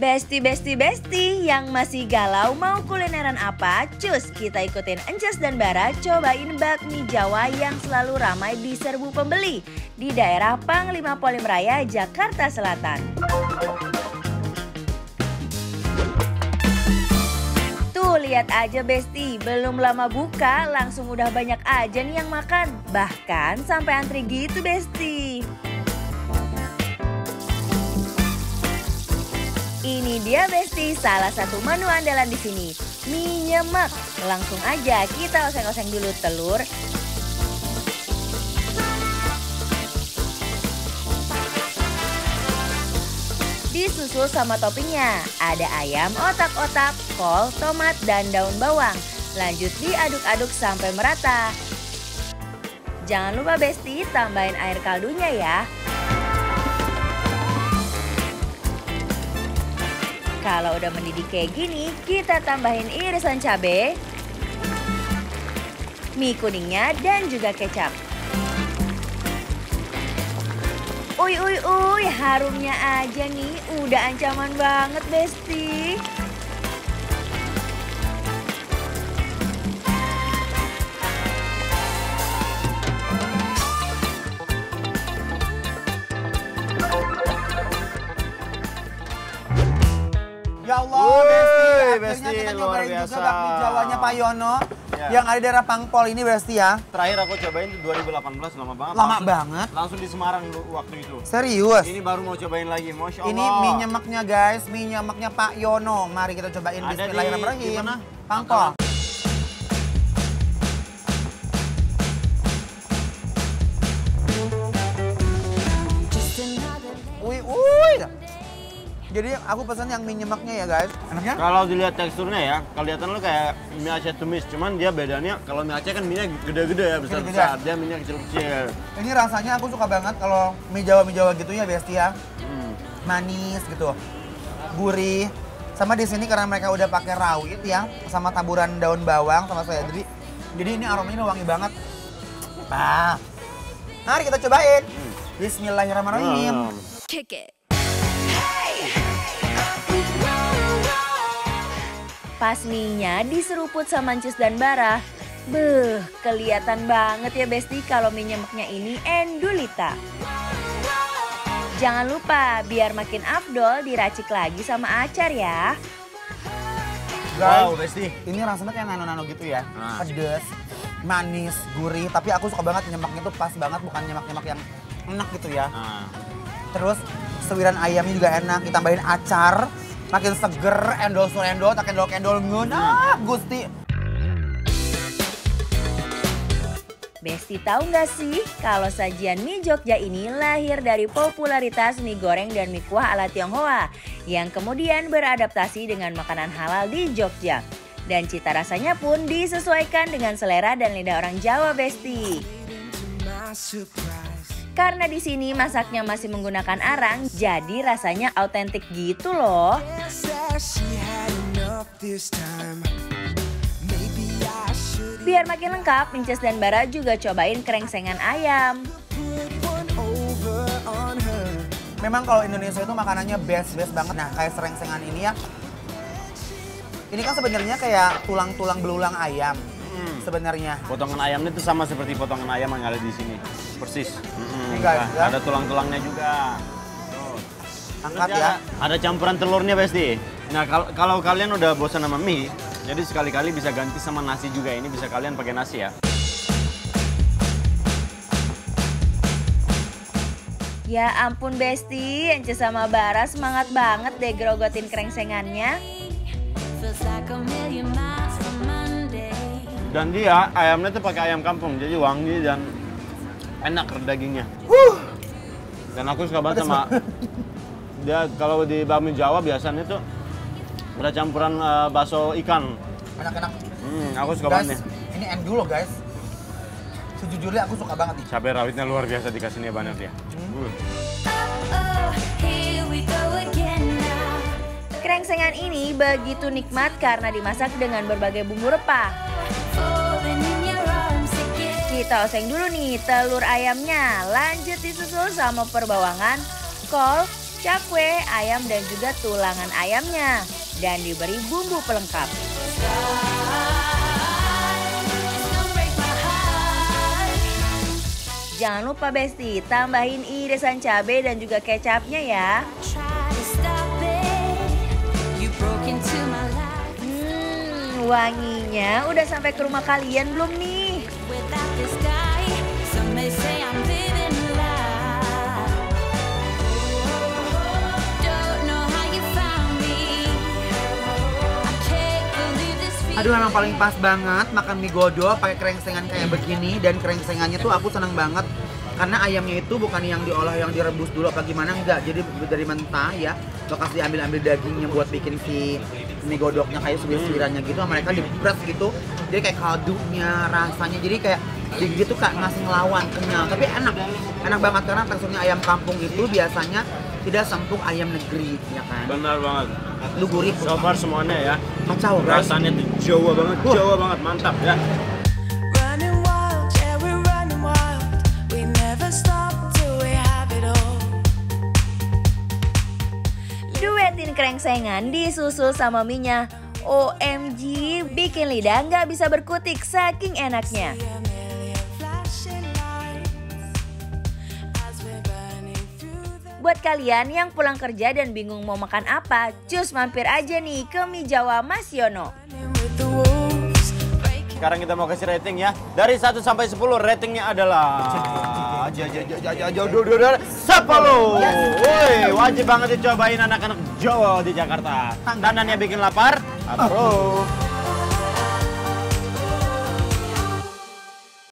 Besti-besti-besti yang masih galau mau kulineran apa? Cus, kita ikutin Encas dan Bara cobain bakmi Jawa yang selalu ramai di serbu pembeli di daerah Panglima Polim Raya, Jakarta Selatan. Tuh, lihat aja Besti, belum lama buka langsung udah banyak aja nih yang makan. Bahkan sampai antri gitu Besti. Ini dia Besti, salah satu menu andalan di sini, mie nyemek. Langsung aja kita oseng-oseng dulu telur. Disusul sama toppingnya, ada ayam, otak-otak, kol, tomat, dan daun bawang. Lanjut diaduk-aduk sampai merata. Jangan lupa Besti, tambahin air kaldunya ya. Kalau udah mendidih kayak gini, kita tambahin irisan cabai, mie kuningnya, dan juga kecap. Uy, uy, uy, harumnya aja nih. Udah ancaman banget, Besti. Ya Allah, Wui, Besti. Akhirnya kita luar biasa. juga bakmi Jawanya Pak Yono. Ya. Yang ada di daerah Pangpol ini Besti ya. Terakhir aku cobain 2018 lama banget. Lama langsung, banget. Langsung di Semarang waktu itu. Serius? Ini baru mau cobain lagi, Masya Allah. Ini mie nyemeknya guys, mie nyemeknya Pak Yono. Mari kita cobain Bismillahirrahmanirrahim. Ada di, di mana? Pangpol. Jadi aku pesan yang mie nyemaknya ya guys. Enaknya? Kalau dilihat teksturnya ya, kelihatan lu kayak mie Aceh tumis, cuman dia bedanya kalau mie Aceh kan mie gede-gede ya, besar-besar. Ya? Dia mie kecil-kecil. Ini rasanya aku suka banget kalau mie Jawa-mie Jawa gitu ya, Besti ya. Hmm. Manis gitu. Gurih. Sama di sini karena mereka udah pakai rawit ya, sama taburan daun bawang sama soya jadi jadi ini aromanya wangi banget. Ah. Mari kita cobain. Hmm. Bismillahirrahmanirrahim. Nah. Kick Pas diseruput sama mancis dan bara. Beuh, kelihatan banget ya Besti kalau mie nyemeknya ini endulita. Jangan lupa biar makin afdol diracik lagi sama Acar ya. Wow, Besti. Ini rasanya kayak nano-nano gitu ya. Nah. Pedes, manis, gurih. Tapi aku suka banget nyemaknya tuh pas banget. Bukan nyemak-nyemak yang enak gitu ya. Nah. Terus sewiran ayamnya juga enak. Ditambahin acar makin seger endol sur endol tak endol endol nguna, ah, gusti Besti tahu nggak sih kalau sajian mie Jogja ini lahir dari popularitas mie goreng dan mie kuah ala Tionghoa yang kemudian beradaptasi dengan makanan halal di Jogja. Dan cita rasanya pun disesuaikan dengan selera dan lidah orang Jawa Besti. Karena di sini masaknya masih menggunakan arang, jadi rasanya autentik gitu loh. Biar makin lengkap, Pinces dan Bara juga cobain kerengsengan ayam. Memang kalau Indonesia itu makanannya best-best banget. Nah, kayak serengsengan ini ya. Ini kan sebenarnya kayak tulang-tulang belulang ayam sebenarnya. Potongan ayamnya itu sama seperti potongan ayam yang ada di sini. Persis. Hmm, Enggak, nah, ada tulang-tulangnya juga. Tuh. Angkat ya. Ada campuran telurnya pasti. Nah, kalau, kalian udah bosan sama mie, jadi sekali-kali bisa ganti sama nasi juga. Ini bisa kalian pakai nasi ya. Ya ampun Besti, Ence sama Bara semangat banget deh gerogotin krengsengannya. like dan dia ayamnya tuh pakai ayam kampung, jadi wangi dan enak dagingnya. Huh. Dan aku suka banget sama dia kalau di bakmi Jawa biasanya tuh ada campuran uh, bakso ikan. Enak-enak. Hmm, aku suka banget Ini end dulu guys. Sejujurnya aku suka banget nih. Cabai rawitnya luar biasa dikasih nih banyak ya. Hmm. Uh. Krengsengan ini begitu nikmat karena dimasak dengan berbagai bumbu repah kita oseng dulu nih telur ayamnya. Lanjut disusul sama perbawangan, kol, cakwe, ayam dan juga tulangan ayamnya. Dan diberi bumbu pelengkap. Jangan lupa Besti, tambahin irisan cabe dan juga kecapnya ya. Hmm, wanginya udah sampai ke rumah kalian belum nih? Aduh emang paling pas banget makan mie godo pakai krengsengan kayak hmm. begini dan krengsengannya tuh aku seneng banget karena ayamnya itu bukan yang diolah yang direbus dulu apa gimana enggak jadi dari mentah ya lokasi diambil ambil dagingnya buat bikin si mie godoknya kayak suwir-suwirannya gitu mereka dipres gitu jadi kayak kaldunya rasanya jadi kayak gigi tuh kayak ngasih ngelawan kenyal tapi enak enak banget karena teksturnya ayam kampung itu biasanya tidak sempuk ayam negeri ya kan benar banget lu gurih so far semuanya ya kacau guys rasanya tuh jawa banget uh. jawa banget mantap ya Duetin krengsengan disusul sama minyak OMG, bikin lidah nggak bisa berkutik saking enaknya. Buat kalian yang pulang kerja dan bingung mau makan apa, cus mampir aja nih ke Mie Jawa Mas Yono. Sekarang kita mau kasih rating ya. Dari 1 sampai 10 ratingnya adalah sepuluh. Woi, wajib banget dicobain anak-anak Jawa di Jakarta. Danannya bikin lapar. Aduh!